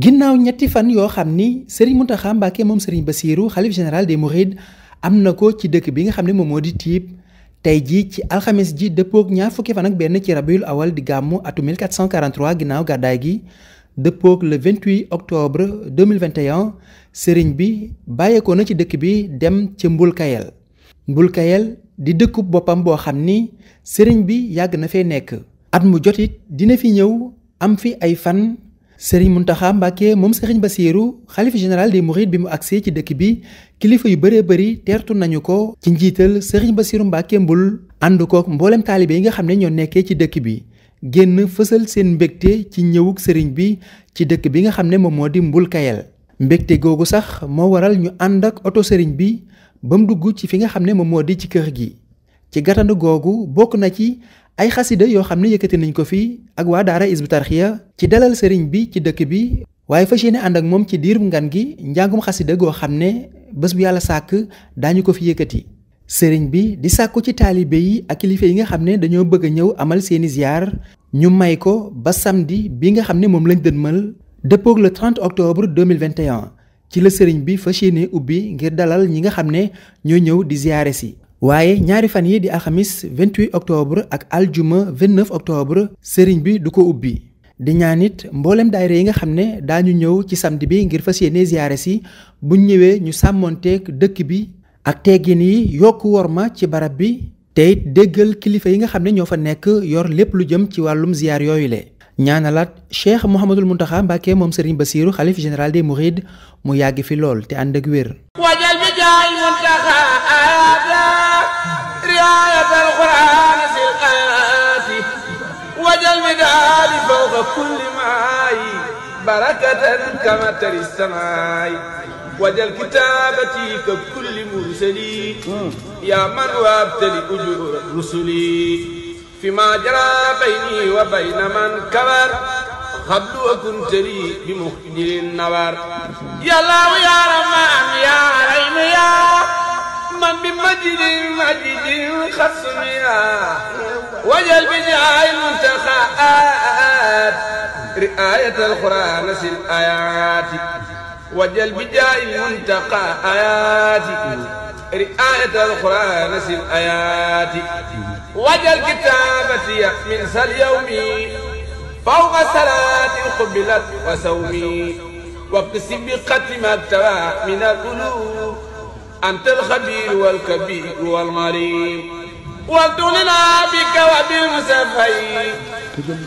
ginnaaw ñetti fan yoo xam ni Serigne Mountakha Mbacké moom Serigne Bassirou xalif général des Mourides am na ko ci dëkk bi nga xam ne moom moo di Tiib tey jii ci alxames ji dëppoog ñaar fukki fan ak benn ci rabiul awal di gàmmu atu 1443 ginnaaw gàddaay gi dëppoog le 28 octobre 2021 Serigne bi bàyyeekoo na ci dëkk bi dem ci Mbul Kayel di dëkku boppam boo xam ni Serigne bi yàgg na fee nekk at mu jotit dina fi ñëw am fi ay fan. sëriñ Muntaxa Mbàkke moom sëriñ Basiiru xalifa général des Mourides bi mu agsee ci dëkk bi kilifa yu bëree bari teertu nañu ko ci njiital sëriñ Basiiru Mbàkke mbul ànd ko mbooleem taalibe yi nga xam ne ñoo nekkee ci dëkk bi génn fësal seen mbégte ci ñëwug sëriñ bi ci dëkk bi nga xam ne moom moo di mbul kayal mbégte googu sax moo waral ñu ànd ak oto sëriñ bi ba mu dugg ci fi nga xam ne moom moo di ci kër gi ci gàttandu googu bokk na ci ay xasida yoo xam ne yëkkati nañ ko fi ak waa daara Hizbut Tarqiyyah ci dalal sëriñ bi ci dëkk bi waaye fas yéene ànd ak moom ci diirub ngan gi njàngum xasida goo xam ne bés bu yàlla sàkk daañu ko fi yëkkati sëriñ bi di sàkku ci taalibe yi ak kilifa yi nga xam ne dañoo bëgg a ñëw amal seeni ziar ñu may ko ba samedi bi nga xam ne moom lañ dënmal dëppook le 30 octobre 2021 ci la sëriñ bi fas ubbi ngir dalal ñi nga xam ne ñoo ñëw di ziare si waaye ñaari fan yi di alxamis 28 octobre ak aljuma 29 octobre sëriñ bi du ko ubbi di ñaanit it mboolem daayira yi nga xam ne daañu ñëw ci samedi bi ngir fas yéene ziyaare si buñ ñëwee ñu sàmmonteeg dëkk bi ak teggin yi yokk worma ci barab bi te it déggal kilifa yi nga xam ne ñoo fa nekk yor lépp lu jëm ci wàllum ziyaar yooyu le ñaanalaat cheikh Mouhamadul Mountakha Mbacké moom sëriñ Bassirou xalif général des Mourides mu yàgg fi lool te ànd ak wér. وكل معاي بركة كما تري السماي وجل كتابتي ككل مرسلي يا من وابتلي أجور رسلي فيما جرى بيني وبين من كبر قبل وكنت لي بمخجل النور يا الله يا بمجد مجد خصمها وجل بجاه المنتخبات رعاية القرآن سل آيات وجل بجاه المنتقى آيات رعاية القرآن سل آيات وجل كتابتي من سل يومي فوق صلاة قبلت وسومي واقتسم بقتل ما من القلوب أنت الخبير والكبير والغريب وابتلنا بك وبالمسفي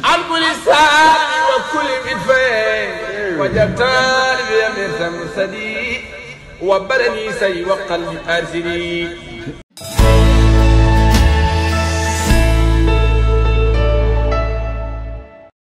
عن كل سال وكل مدفين وجبتنا بيمين سمسدي وبرني سي وقلبي أرسلي